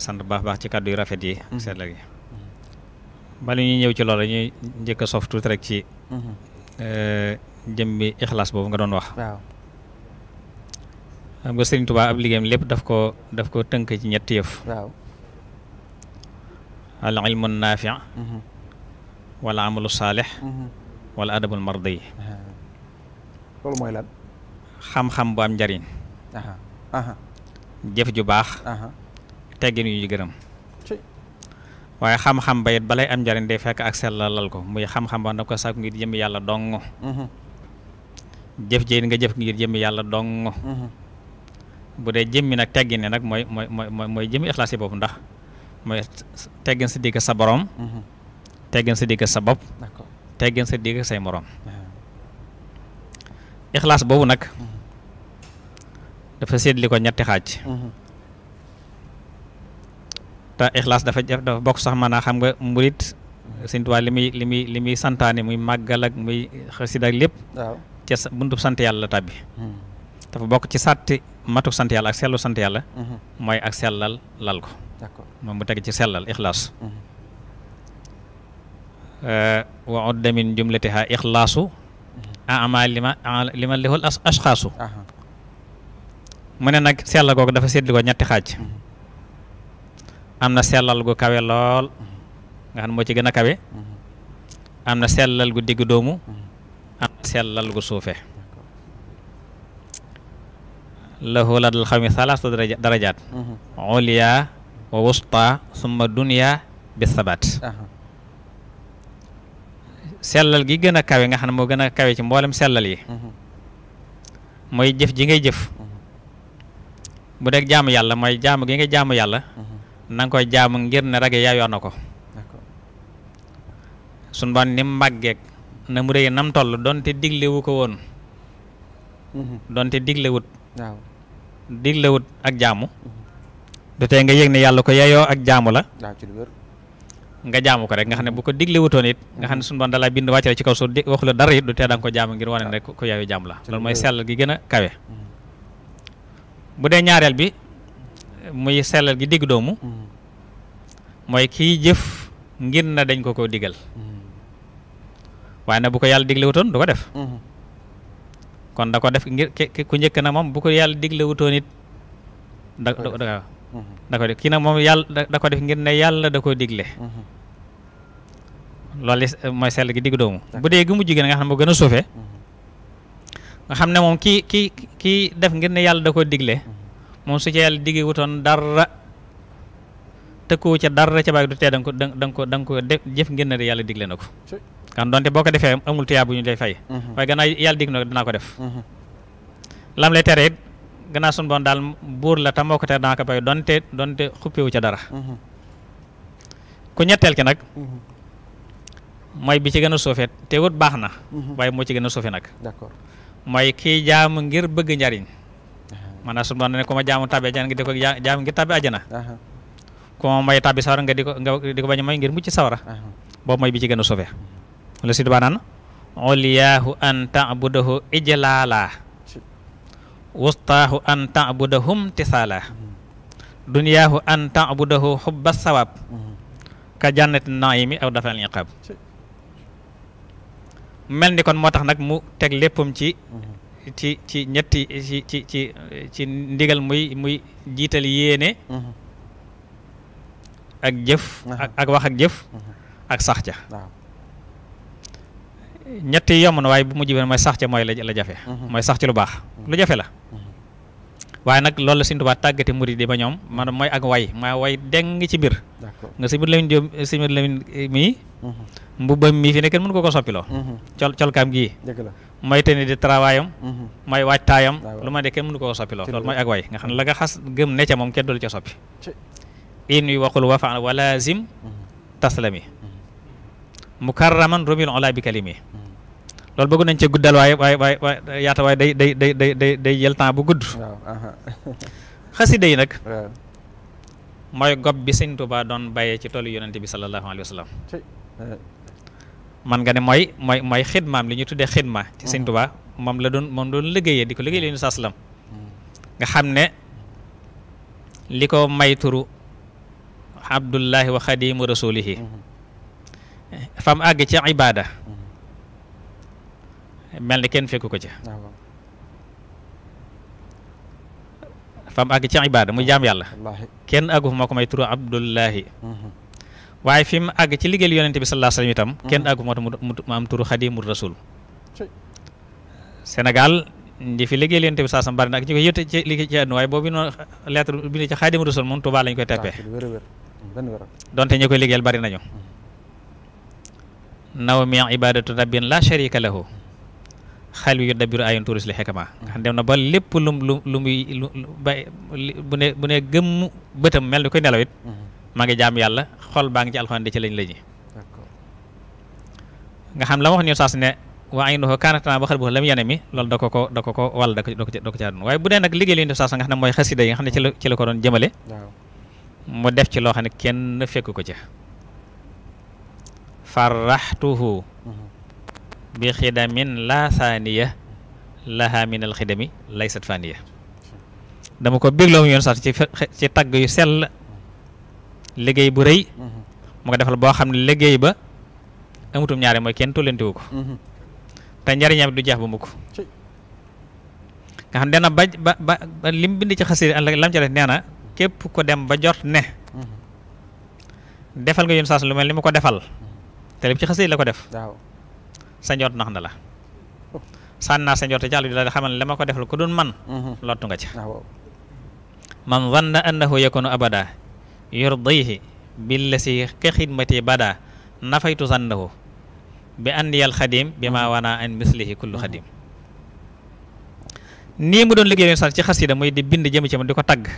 sant bu baax baax ci kàddu yu rafet yi. Mhm. seetla gi bala ñuy ñëw ci loolu ñuy njëkk a sof rek ci. Mhm. Eh, jëm bi boobu nga doon wax. waaw xam nga Sëriñ Tuubaa ab liggéeyam lépp daf ko tënk ci ñetti yëf. waaw al ilmu naafi. Mhm. wala amalu saalix. wala mardi. xam-xam bu am njariñ. jëf ju baax. teggin yu ñu gërëm waaye xam-xam ba it balay am njariñ day fekk ak sell lal ko muy xam-xam ba na ko sàkku ngir jëmmi yàlla dong mm-hmm. jëf ji nga jëf ngir jëm yàlla dong mm-hmm. bu dee jëmmi nag teggin ne nag mooy mooy mooy ixlaas yi boobu ndax mooy teggin sa digg sa borom mm-hmm. teggin sa digg sa bopp teggin sa digg say moroom ixlaas boobu nag dafa séddli ko ñetti xaaj te ixlaas dafa dafa bokk sax mën naa xam nga murit Sëñ Tuubaa li muy li muy li muy santaane ak muy xasida ak lépp ca buntub sant yàlla tàbbi hmm. dafa bokk ci sàtti matuk sant yàlla ak sellu sant yàlla hmm. mooy ak sellal lal ko moom mu teg ci sellal ixlaas hmm. eh, wa udda lima lima lihul ashxaasu mu ne nag sell googu dafa séddli ko ñetti xaaj am na sellal gu kawe lool nga xam ne moo ci gën a kawe mm-hmm. am na sellal gu digg doomu mm-hmm. am na sellal gu suufe lahu ladal xawmi salaasa darajaat mm-hmm. ulya wa wusta summa dunya bi uh-huh. sellal gi gën a kawe nga xam ne moo gën a kawe ci mboolem sellal yi mooy jëf ji ngay jëf bu dee jaamu yàlla mooy jaamu gi ngay jaamu yàlla na nga koy jaamu ngir ne rage yaa na ko sun bon ni màggeeg na mu réy nam toll donte diglewu ko woon mhm. donte diglewut diglewut ak jaamu mhm. du tey nga yëg ne yàlla ko yeyoo ak jaamu la nga jaamu ko rek nga xam ne bu ko diglewutoon it nga xam ne mhm. sunu bon da bind wàcc la ci kaw suuf di la dara it du tee da nga ko jaamu ngir wane ne rek ko yeyoo jaamu la loolu mooy sell gi gën a kawe bu dee ñaareel bi muy sellal gi digg doomu mm. mooy kiy jëf ngir na dañ ko ko digal mm. waaye na bu ko yàlla diglewutoon du ko def mm-hmm. kon da ko def ngir ku njëkk na moom bu ko yàlla diglewutoon it da da ko def mm-hmm. kii nag moom yàlla da ko def ngir ne mm-hmm. mooy sell gi digg doomu bu dee gi mujj gi nga xam ne a suufee moom kii kii kii def ngir ne yàlla da ko digle moom su ca yàlla digge wutoon dara tëkkuwu ca dara ca baag du tee da da nga ko yàlla digle na ko boo ko defee bu ñu lay fay mhm. waaye gannaaw na ko ko def mhm. lam lay tere it gannaaw sun boon daal buur moo ko tere danaa ko bay donte ca dara mhm. ku ñetteel ki nag mooy bi ci gën a suufee te baax na waaye moo ci gën a suufe nag d'accord mooy kii jaamu ngir bëgg njariñ maanaam suñu borom ne ku ma jaamu tàbbi ajana nga di may tàbbi sawara nga di ko bañ may ngir mucc sawara boobu mooy bi ci gën a suufee lu si dubaa naan oliyaahu an taabudahu ijlaala wustaahu an taabudahum tisaala duniyaahu an taabudahu xubba sawab ka jannati naimi aw dafal iqab mel ni kon moo tax nag mu teg léppam ci ci ci ñetti ci ci ci ci ndigal muy muy jiital yéene mm-hmm. ak jëf mm-hmm. ak wax ak jëf mm-hmm. ak sax ca ñetti yomb na waaye bu mujj bi mooy sax ca mooy la jafe mooy sax ci lu baax lu jafe la waaye nag loolu la Sëñ Tuubaa tàggate murid yi ba ñoom maanaam mooy ak way mooy way deng ci mbir nga si mbir lamin mii mbubbam mii fi ne kenn mënu ko ko soppiloo mhm. col colkaam gii may teni di travaayam mhm. may waajtaayam lu ma de kenn mënu ko ko soppiloo loolu mooy ak way nga xam ne la nga xas gëm ne ca moom kenn du la ca soppi in wi waxul wafaan walazim mhm. taslami mukarraman rumil ola bi kalimi loolu bëgg nañ ca day bu gudd xasida yi nag mooy gob bi sëñ ba doon bàyyee ci toolu yonente bi sallallahu alayhi wa sallam eh. man nga ne mooy mooy mooy xidmaam li ñu tuddee xidma ci sëñ mm. Tuubaa moom la doon moom doon liggéeyee di ko liggéey leen saslam nga xam ne li ko may turu abdullahi wa xadimu rasulihi mm-hmm. fam àgg ci ibaada mm-hmm. mel ni kenn fekku ko ci ah, fam àgg ci ibaada muy jaam yàlla kenn àggu fu ko may turu abdullahi mm-hmm. waaye fi mu àgg ci liggéeyal yonente bi sa alayhi wa sallam itam kenn mm-hmm. àggu moo tax mu am turu xadimu rasul Sénégal di fi liggéeyal yonente bi sa sam bari na ak ñi koy yëtte ci liggéey ci àdduna waaye boobu noonu lettre bi ne ci koy teppee donte ñi koy liggéeyal bari nañu mm-hmm. naw mi ibadatu rabbin la sharika lahu xel wi yu dabiru ayun turis li xekama nga mm-hmm. xam dem na ba lépp lu lu lu muy lu bu ne bu ne gëmm bëtam mel ni koy nelawit maa ngi jaam yàlla xol baa ngi ci alxuraan di ci lañ lañi nga xam la ma wax ñu saas ne waa ay ndoxo kaanatana ba xel bu lam yene mi loolu da ko ko da ko ko wàll da ko da ko ci àdduna waaye bu dee nag liggéey li ñu def saas nga xam ne mooy xasida yi nga xam ne ci la ko doon jëmale mu def ci loo xam ne kenn fekk ko ca faraxtuhu mhm. bi xidamin la saaniya laha min al xidami laysat faaniya dama ko bégloo mu yoon saas ci tagg yu sell liggéey bu rëy mhm. mu ko defal boo xam ne liggéey ba amutum ñaare mooy kenn tollantewu ko mhm. te njariñam du jeex ba mukk nga xam ne dana ba ba ba lim bind ci xasida lam ca def nee na képp ko dem ba jot ne mhm. defal nga yoon saas lu mel li ma ko defal te lépp ci xasida la ko def nax na la oh. sànni naa sa njort ci àll bi la xamal la ma ko defal ku doon man lottu nga ca man zanna annahu yakunu abada yurdayhi billasi ka xidmati bada nafaytu zannahu bi andiyal xadim bi ma wana an mislihi kullu xadim nii mu doon liggéey sax ci xasida muy di bind jëm ci man di ko tagg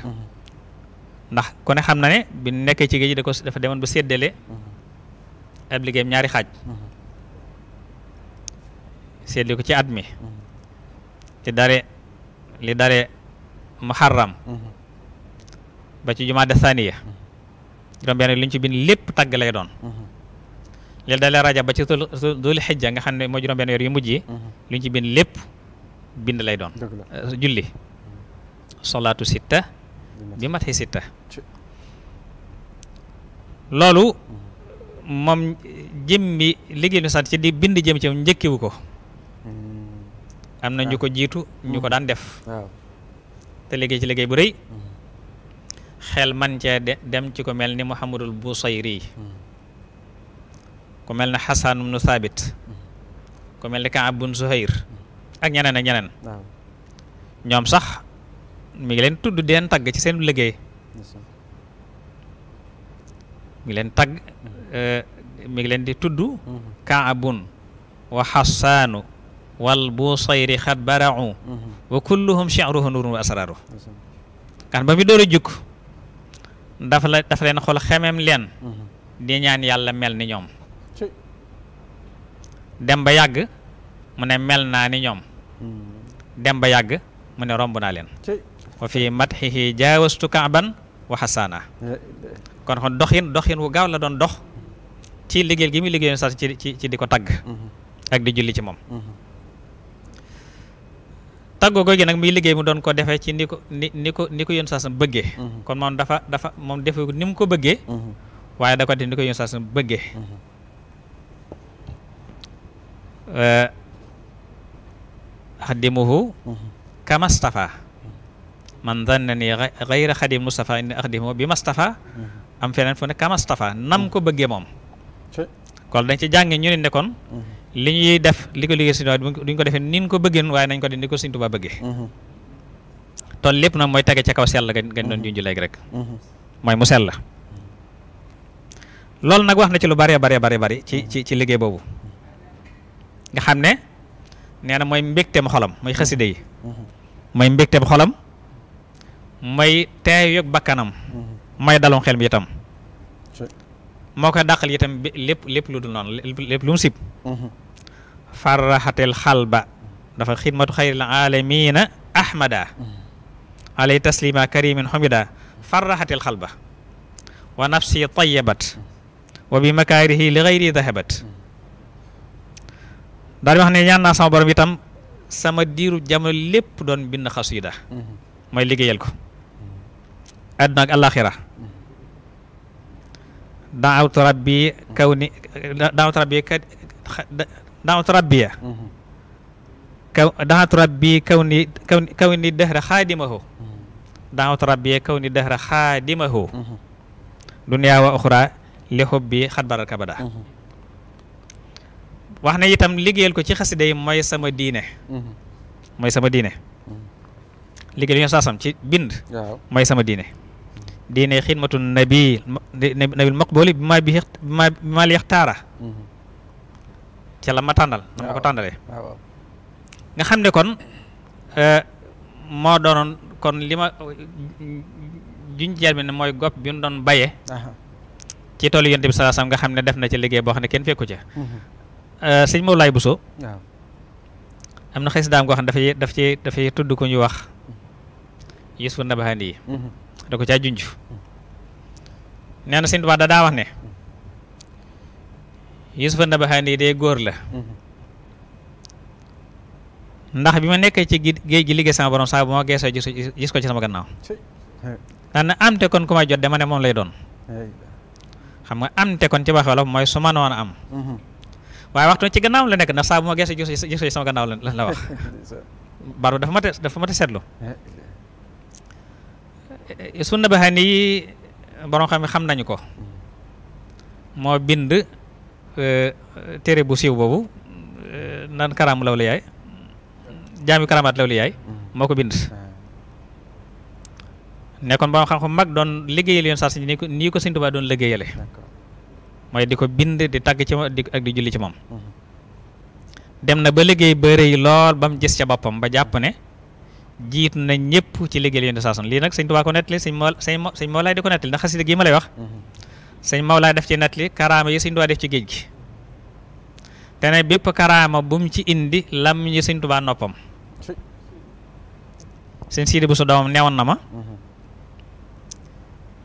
ndax ku ne xam na ne bi nekkee ci géej da ko dafa demoon ba séddale ab liggéeyam ñaari xaaj séddale ko ci at mi ci dare li dare muharram mm-hmm. ba ci jumaa de saniya juróom-benn li ñu ci bind lépp tagg lay doon mhm. léegi daal rajab ba ci dul xijja nga xam ne mooy juróom-benn weer yu mujj yi mhm. ñu ci bind lépp bind lay doon euh, julli solaatu sitta bi mat xi sitta loolu mhm. moom jëmmi liggéey ñu sant ci di bind jëm ci njëkkiwu ko hmm. am na ñu ko jiitu ñu ko ah. daan def te liggéey ci liggéey bu rëy xel man cee dem ci ku mel ni Muhammadul Busayri ku mel ne Xasan ibnu Thabit ku mel ni Kaab bun Zuhayr ak ñeneen ak ñeneen ñoom sax mi ngi leen tudd deen tagg ci seen liggéey mi ngi leen tagg mm-hmm. eh, mi ngi leen di tudd mm-hmm. Kaabun wa Xasaanu wal Busayri xat barau mm-hmm. wa kulluhum chiruhu nurun wa asraru kan ba mi door a dafa la dafa leen xol xemem leen mhm. di ñaan yàlla mel ni ñoom dem ba yàgg mu ne mel naa ni ñoom mhm. dem ba yàgg mu ne romb naa leen wa fi matxihi jaawastu kaaban wa eh, eh. kon kon doxin doxin wu gaaw la doon dox ci liggéey gi muy liggéeyoon sax ci ci di ko tagg mhm. ak di julli ci moom tàggoo googu nag muy liggéey mu doon ko defee ci ni ko ni ko ni ko yoon saasam bëggee mhm. kon moom dafa dafa moom defe ni mu ko bëggee mhm. waaye da ko def ni ko yoon saasam bëggee mhm. eh, xadimuhu kamastafa man zanna ni xayra xadim mustafa inni axdimuhu bi mastafa am feneen fu ne kamastafa nam ko bëggee moom kon dañ ci jàngi ñu ne kon li ñuy def li ko liggéey Sëriñ Tuubaa duñ ko defee nin ko bëggeen waaye nañ ko def ni ko Sëriñ Tuubaa bëggee mm-hmm. tool lépp nag mooy tege ca kaw sell gañ doon mm-hmm. junj léegi rek mm-hmm. mooy mu sell loolu nag wax na ci lu bëree bare bare bëri ci ci ci liggéey boobu nga xam ne nee na mooy mbégteem xolam mooy xaside yi mooy mbégteem xolam mooy teey yog bakkanam mooy dalum xel mi itam moo koy dàqal itam lépp lépp lu dul noonu lépp lu mu sib farraxatil xalba dafa xidmatu xayril aalamiina ahmada alay taslima karimin xamida farraxatil xalba wa nafsi tayyabat wa bi makaarihi li xayri dahabat daal wax ne ñaan sama borom itam sama diiru jamono lépp doon bind xasida mooy liggéeyal ko àdduna ak àllaaxira rabbi kaw ni rabbi دعوة ربي دعوة ربي كوني كوني, كوني الدهر خادمه دعوة ربي كوني الدهر خادمه دنيا وأخرى لحبي خدبر الكبدة wax na itam liggéeyal ko ci xasida yi mooy sama diine mhm. mooy sama diine mhm. liggéey li ñu saasam ci bind mooy sama diine mhm. diine xidmatu nabi nabil maqbuli bi ma bi ma li ca la ma tàndal na ma ko tàndalee nga xam ne kon euh, moo doonoon kon li ma juñ jeel bi ne mooy gopp bi ñu doon baye ci toolu yonte bi sallallahu alayhi wasallam nga xam ne def na ci liggéey boo xam ne kenn fekku ca uhuh. euh, sëñ Mawlaay Bousso am na xes daam goo xam ne dafay daf ci dafay tudd ko ñu wax Yuusufu Nabaxandi yi uhuh. da ko caa junj nee na sëñ da daa wax ne uhuh. yusufa nabaxaani day góor la ndax bi ma nekkee ci géej gi liggéey sama borom saa bu ma geesoo gis ko ci sama gannaaw daan na amte kon ku may jot de ma ne moom lay doon xam nga amte kon ci wax wolof mooy su ma noon am mm-hmm. waaye waxtu ci gannaaw la nekk ndax saa bu ma geesoo gis ko sama gannaaw la la wax baru dafa ma te dafa ma te seetlu sunna borom xam xam nañu ko mm-hmm. moo bind Euh, téere bu siiw boobu euh, nan karaam law li yaay jaami karamaat law li yaay mm-hmm. moo ko bind ah. nekkoon ba xam-xam mag doon liggéeyal yoon saa si nii ko nii ko Sëñ Tuubaa doon liggéeyale mooy di ko bind di tàgg ci moom ak di julli ci moom mm-hmm. dem na ba liggéey ba rëy lool ba mu gis ca boppam ba jàpp ne jiit na ñëpp ci liggéeyal yoon saa lii nag Sëñ Tuubaa ko nettali sëñ moo sëñ moo laay di ko nettali ndax xasida gii ma lay wax mm-hmm. sëñ Maola def ci nat li karaama yi sëñ Tuubaa def ci géej gi te ne bépp karaama bu ci indi lam ñi sëñ Tuubaa noppam sëñ Siidi bu su doomam neewoon na ma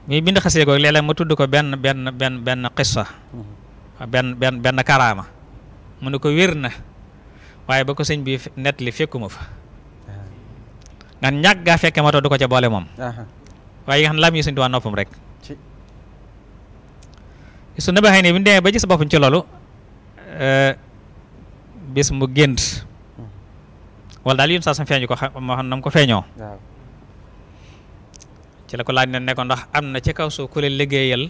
muy bind xasee googu léeg-léeg ko benn benn benn benn xissa benn benn benn mu ne ko wér na waaye ba ko sëñ bi net li fekkuma fa nga ñàkk gaa fekke ma to du ko ca boole moom waaye yi nga xam lam yi sëñ Tuubaa noppam rek su na baxee ne bi ñu demee ba gis boppam ci loolu euh, bis mu gént wala daal yun saa sam feeñu ko moo xam nam ko feeñoo ci la ko laaj ne ko ndax am na ci kaw suuf ku la liggéeyal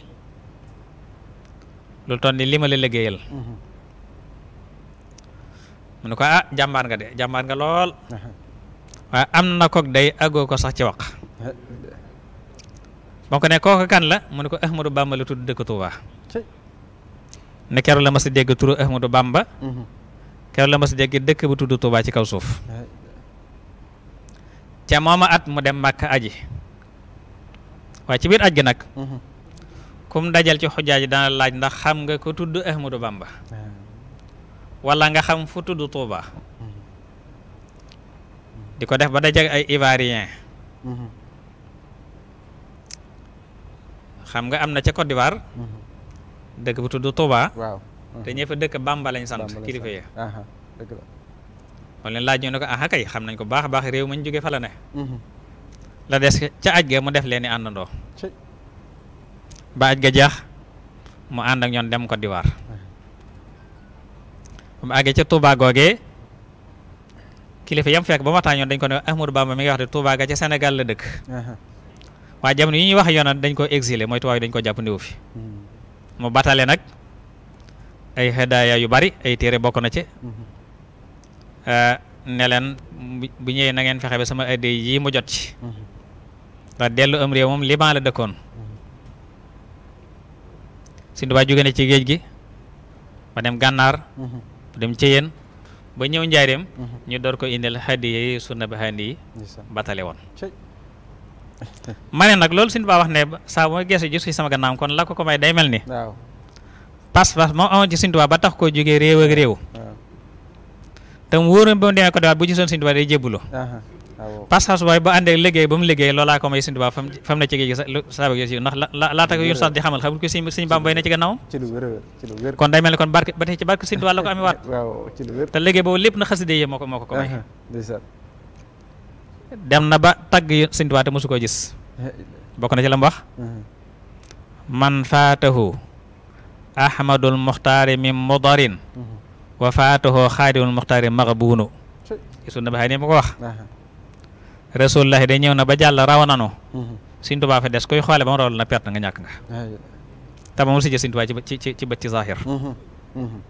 lu toll ni li ma la liggéeyal mhm. mu ne ko ah jàmbaar nga de jàmbaar nga lool waaye am na kook day agoo ko sax ci wax ba ko ne kooku kan la mu ne ko Ahmadou Bamba tudd dëkk Tuubaa ne keroog la ma si dégg turu Ahmadou Bamba mhm. keroog la ma si dégg dëkk bu tudd Touba ci kaw suuf ca mooma at mu dem Màkka aji waaye ci biir aj gi nag mhm. kum dajal ci xujjaa dana laaj ndax xam nga ko tudd Ahmadou Bamba wala nga xam fu tudd Touba di ko def ba dajale ay Ivoirien mhm. xam nga am na ca Côte d'Ivoire dëkk bu tudd Touba. waaw te ñee fa dëkk Bamba lañ sant kilifa ya laaj ñu ne ko ah xam nañ ko baax a baax réew mañ jógee fa ne. Mhm. la des ca aj ga mu def leen i àndandoo. ba aj ga jeex mu ànd ñoon dem ko diwaar. ba mu àggee ca Touba googee kilifa yam fekk ba ma taa ñoon dañ ko ne Ahmadou Bamba mi ngi wax de Touba ga ca Sénégal la dëkk. waaye jamono yi ñuy wax yoonal dañ ko exilé mooy tubaab yi dañ ko jàpp ndiwu fi. Mhm. mu batale nag ay xedaaya yu bari ay téere bokk na ci mm-hmm. eh, ne leen bu ñëwee na ngeen fexe ba sama addiya yi mu jot ci mm-hmm. ndax dellu am réew moom liban la dëkkoon mm-hmm. Sëriñ Tuubaa na ci géej gi ba dem gànnaar ba dem céyeen ba ñëw njaareem ñu door ko indil xaddiya yi sunna bahandi yi batale woon ma ne nag loolu suñu baa wax ne saa bu ma geesu gis ci sama gànnaaw kon la ko ko may day mel ni waaw pas moom amoon ci Sëñ ba tax koo jógee réew ak réew te mu wóor ba mu demee ko ah, ba àndee liggéey ba la laa tax yu sax di xamal xamul ko ni kon barke ba tey ci barke boobu lépp na xasida yi moo ko moo ko ko may dem na ba tagg Sëñ Tuubaa te mosu koo gis bokk na ci la mu wax man faatahu ahmadul muxtaari min mudarin wa faatahu xaadimul muxtaari maxbuunu ci sunna ba xay ne ma ko wax rasulullahi day ñëw na ba jàll raw na Sëñ Tuubaa fa des koy xoole ba mu rawal na perte nga ñàkk nga te moom si jël ci bët ci zahir uhuh. Uhuh.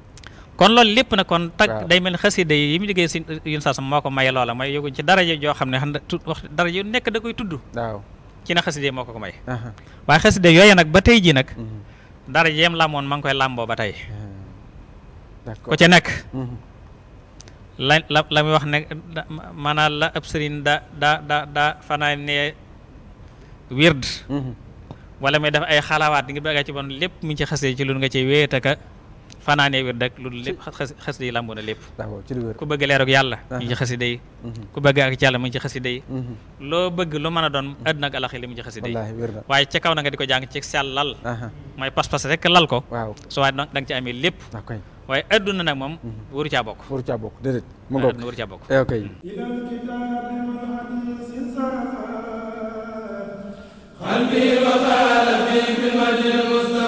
kon loolu lépp nag kon tag day mel ni xasida yi yi mu liggéey si yun saa sam moo ko maye loola may yoguñ ci daraja joo xam ne xam ne wax daraja yu nekk da koy tudd ci na xasida yi ko ko may yooyu nag ba tey ji nag mhm. daraja yem làmboon ma ngi koy làmboo ba tey ku ci mhm. la la wax ne la ab sëriñ da da da da fanaan ne wird mhm. wala muy def ay xalawaat di nga bëgg ci bon lépp mu ci xasee ci lu nga ci wéet fanaanee wird rek lu lépp xasida yi làmboo na lépp ku bëgg leerug yàlla mu ngi ci uh-huh. xasida uh-huh. ku bëgg ak ci yàlla mu ngi ci xasida uh-huh. loo bëgg lu mën a doon àdduna ak alaxi li mu ngi ci xasida yi waaye ca kaw na nga di ko jàng ci sellal mooy pas-pas rek lal ko su waaye da nga ci amee lépp waaye àdduna nag moom waru caa bokk waru caa bokk déedéet mu ngoog waru caa bokk eh, ok قلبي وقال في بالوجه المستقيم